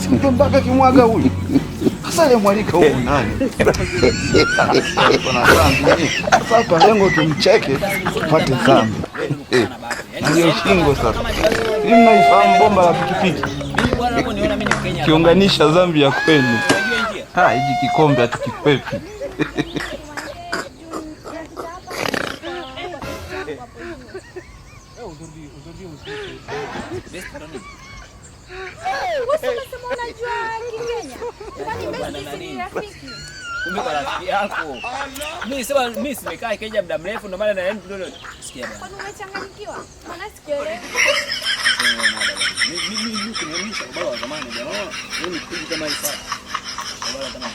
Simpe mpaka kimwaga huyu. Sasa ile mwalika huyu nani? Sasa hapa lengo tumcheke tupate dhambi. Ndio shingo sasa. Mimi naifahamu bomba la pikipiki. Kiunganisha dhambi ya kwenu. Ah, hiji kikombe atukikwepi. Unasema unajua Kikenya? Kwani mimi ni rafiki? Kumbe kwa rafiki yako. Mimi sema mimi simekaa Kenya muda mrefu ndio maana naenda ndio sikia bana. Kwani umechanganyikiwa? Maana sikuelewi. Mimi mimi nikuonyesha kwa baba wa zamani bwana. Mimi kipindi kama hivi sasa. Baba wa zamani.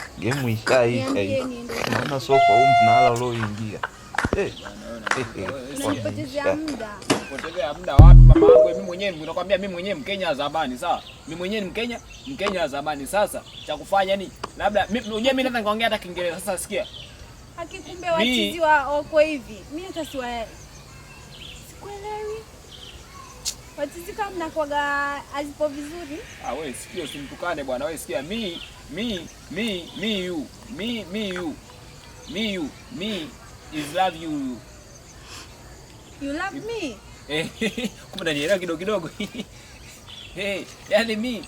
Gemu ikai ikai. Naona sofa ulioingia. mama Mimi mwenyewe Mkenya wa zamani, sawa? Mimi mwenyewe Mkenya, Mkenya wa zamani. Sasa cha kufanya ni labda mimi mimi naweza nikaongea hata Kiingereza. Sasa sikia. Akikumbe wachizi wa oko hivi. Mimi hata siwa sikuelewi. Wachizi kama azipo vizuri. Ah, wewe sikia usimtukane bwana. Wewe sikia mimi me, me, me, you, me, me, you, me, you, me is love you. You love me? Eh, kumbe nanielewa kidogo kidogo. Hey, eh, yani me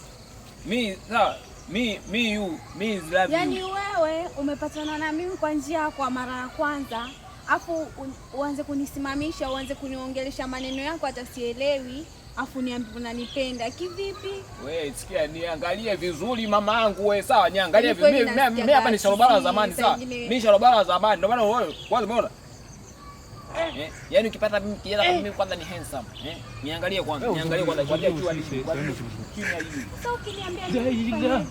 mi sawa mi mi you mi is love you. Yani wewe umepatana na mimi kwa njia kwa mara ya kwanza afu uanze kunisimamisha uanze kuniongelesha maneno yako hata sielewi. Afu niambie unanipenda kivipi? Wewe sikia niangalie vizuri yangu we sawa niangalie vizuri. Mimi hapa ni sharobara zamani sawa. Mimi sharobara zamani ndio maana wewe kwanza umeona. Eh, eh yaani ukipata mimi kijana kwa eh. mimi kwanza ni handsome. Eh, niangalie kwanza, eh, niangalie kwanza kwa ajili ya kwa ajili ya Sasa ukiniambia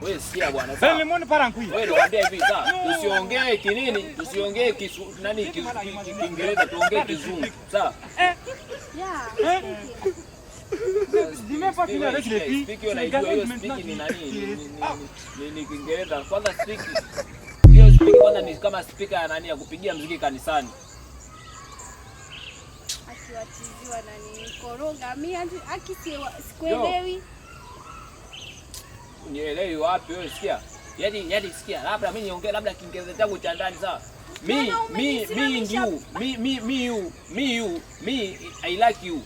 wewe sikia bwana sawa. Mimi muone para ngui. Wewe nakwambia hivi sawa. Tusiongee kinini? Tusiongee kisu nani Kiingereza tuongee kizungu. Sawa? Eh. Yeah. Eh. Kwanza ni kama spika ya nani ya kupigia mziki kanisani. Akiwatiziwa nani koroga mimi akisielewi unielewi wapi wewe. Sikia yani, yani sikia, labda mimi niongee labda Kiingereza changu cha ndani sawa. Mi yaani mi mi ndio mi mi mi you mi you mi I like you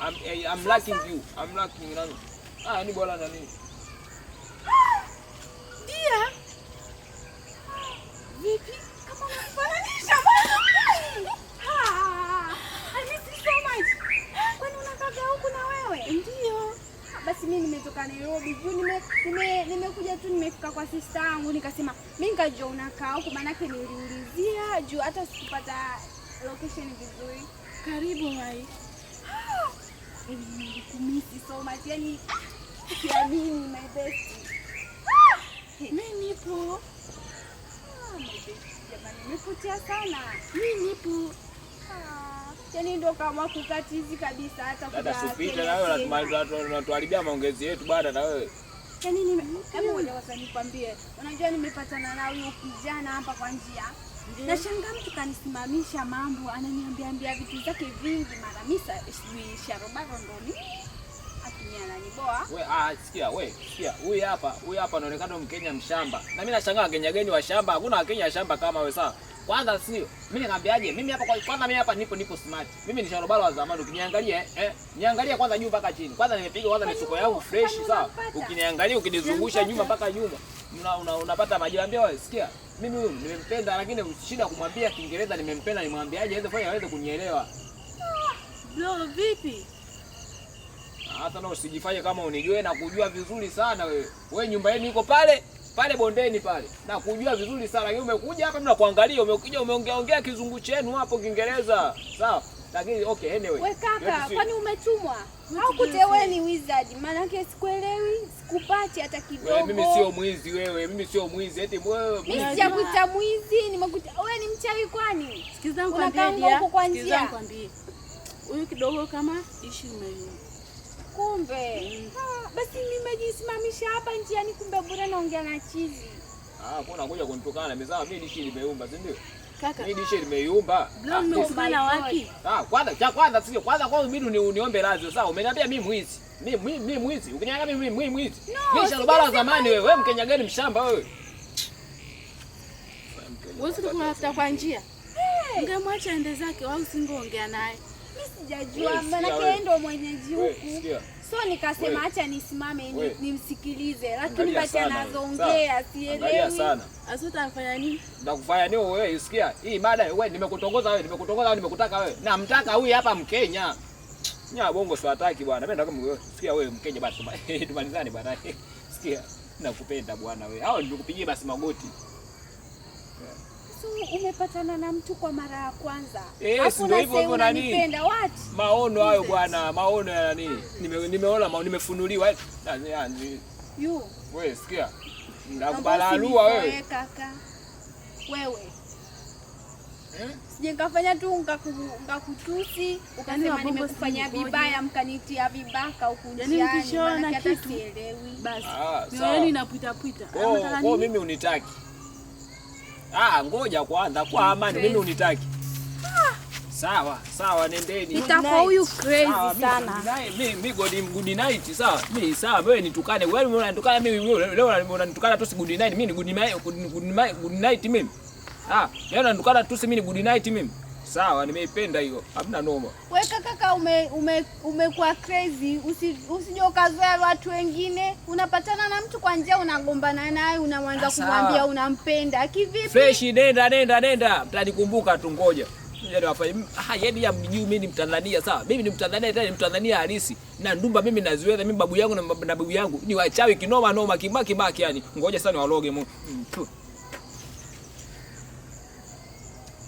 I'm I'm liking you I'm liking you. Ah, ni bora na nini dia ah, vipi? Bobby View. Nimekuja nime, nime tu nimefika kwa sister yangu nikasema mi nikajua unakaa huku, maanake niliulizia juu hata sikupata location vizuri. Karibu hai. Yaani kumisi so much yani, siamini my best. Mimi nipo. Ah, jamani, nimepotea sana. Mimi nipo. Ah yani ndio kama kukatizi kabisa, hata unatuharibia maongezi yetu bada na wewe. Yaani yaani nikwambie, unajua nimepatana na huyo kijana hapa kwa njia na shangaa mtu kanisimamisha mambo, ananiambia ambia vitu zake vingi, mara misa sijui sharobaro ndo ah, Sikia we, sikia huyu hapa, huyu hapa anaonekana Mkenya mshamba, na mimi nashangaa Wakenya gani wa shamba? Hakuna Wakenya shamba kama we, sawa kwanza sio. Mimi nikamwambiaje? Mimi hapa kwa kwanza mimi hapa nipo nipo smart. Mimi ni sharobalo wa zamani. Ukiniangalia eh, Niangalia kwanza juu mpaka chini. Kwanza nimepiga kwanza mifuko yangu fresh sawa. Ukiniangalia ukinizungusha nyuma mpaka nyuma. Una una, unapata majibu ambia wewe sikia. Mimi huyu nimempenda lakini shida kumwambia Kiingereza nimempenda nimwambiaje aweze fanya aweze kunielewa. Bro, vipi? Hata na usijifanye kama unijue na kujua vizuri sana wewe. Wewe nyumba yenu iko pale? pale bondeni pale na kujua vizuri sana, lakini umekuja hapa mna kuangalia, umekuja umeongea ongea kizungu chenu hapo Kiingereza sawa, lakini okay, anyway we kaka, kwani umetumwa au kuteweni wizard? Maana yake sikuelewi, sikupati hata kidogo. Mimi sio mwizi wewe, mimi sio mwizi eti wewe. Mimi sijakuita mwizi, nimekuta wewe. Ni mchawi kwani? Sikizangu kwambia, sikizangu kwambia, huyu kidogo kama ishi umeyumba, kumbe mm nimesimamisha hapa njiani, kumbe bure naongea na chizi. Ah, mbona unakuja kunitukana? Mezaa mimi dishi limeumba, si ndio? Kaka, mimi dishi limeiumba. Ah, Nimekumbana wapi? Ah, kwanza cha kwanza sio kwanza kwa mimi ni uniombe radhi sawa. Umeniambia mimi mwizi. Mimi mimi mimi mwizi. Ukinyaga mimi mimi mwizi. Mimi shalobala zamani wewe, wewe Mkenya gani mshamba wewe? Wewe unafuta kwa njia. Ungemwacha ende zake au singeongea naye. Mimi sijajua maana yeye ndio mwenyeji huku. Sikia. So nikasema acha nisimame nimsikilize, lakini bati anazoongea sielewi. Asuta anafanya nini? Nakufanya nini wewe? Usikia hii mada wewe, nimekutongoza wewe, nimekutongoza wewe, nimekutaka wewe? Namtaka huyu hapa Mkenya. Nya bongo siwataki bwana. Mimi nataka wewe. Sikia wewe Mkenya basi tumalizane bwana. Sikia nakupenda bwana wewe. Hao nikupigie basi magoti. So umepatana na mtu kwa mara ya kwanza. Yes, eh, ndio hivyo nani? Unanipenda maono hayo bwana, maono ya nini? Nime, nimeona maono, nimefunuliwa. Eh, wewe sikia, nakubalalua wewe kaka, wewe eh? Sije nikafanya tu ngakutusi ukasema yaani nimekufanya vibaya, mkanitia vibaka huku yaani njiani, hata sielewi. Basi Ah, mioyoni inapita pita. Oh, oh, mimi unitaki? Ah, ngoja kwanza, kwa amani mimi unitaki Sawa, sawa nendeni. Nitakuwa huyu crazy sana. Mimi mimi good good night, sawa? Mimi sawa, wewe nitukane. Wewe unanitukana mimi leo unanitukana tu si good night. Mimi ni good night, good night good night mimi. Ah, leo unanitukana tu si mimi ni good night mimi. Sawa, nimeipenda hiyo. Hamna noma. Wewe kaka ume umekuwa ume crazy. Usije ukazoea watu wengine. Unapatana na mtu kwa njia unagombana naye, unaanza ah, kumwambia unampenda. Kivipi? Fresh, nenda nenda nenda. Mtanikumbuka tu ngoja. Yaani, yaani ya mjuu mimi ni Mtanzania sawa. Mimi ni Mtanzania tena ni Mtanzania halisi. Na ndumba mimi naziweza mimi babu yangu na na babu yangu ni wachawi kinoma noma kibaki baki yani. Ngoja sana waloge mu. Mm,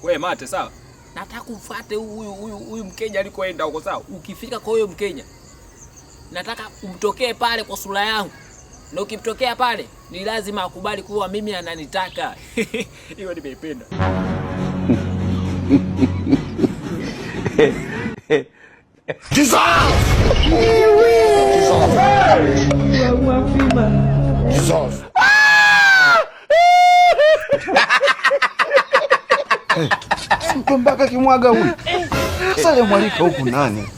Wewe mate sawa. Nataka umfuate huyu huyu huyu Mkenya alikoenda huko sawa. Ukifika kwa huyo Mkenya nataka umtokee pale kwa sura yangu. Na ukimtokea pale ni lazima akubali kuwa mimi ananitaka. Hiyo nimeipenda. Dissolve! Dissolve! Dissolve! Mtu mpaka kimwaga huyu. Sasa ile mwalika huku nani?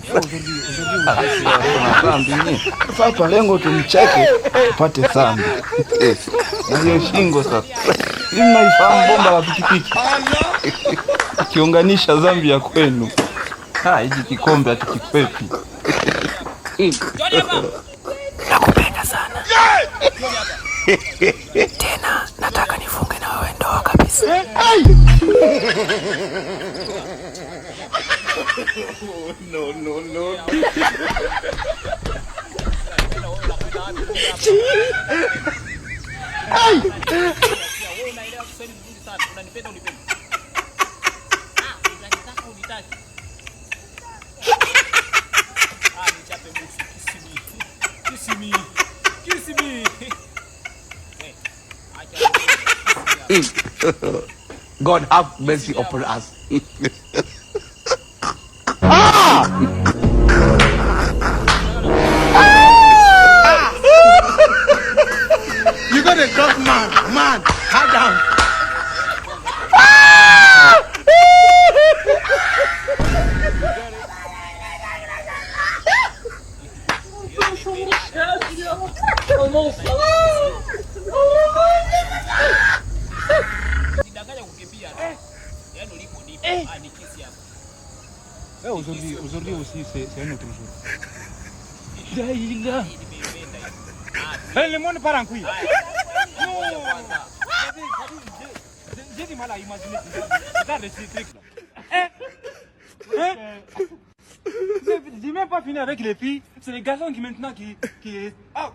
Sasa lengo tumcheke tupate thambi. Ndio shingo sasa. Ili mnaifahamu bomba la pikipiki ikiunganisha Zambia kwenu, hiji kikombe hatukikwepi. Nakupenda sana tena, nataka nifunge na wewe ndoa kabisa. No, no, no. unanipenda Ah, unitaki. Ah, nichape busu. Kiss me. Kiss me. Kiss me. Hey, acha. God have mercy upon us. ah! man, man, man, down. Eh, aujourd'hui aussi c'est un autre jour. Eh, le Ah, ni J'ai même pas fini avec les filles. C'est les garçons qui maintenant qui qui ah.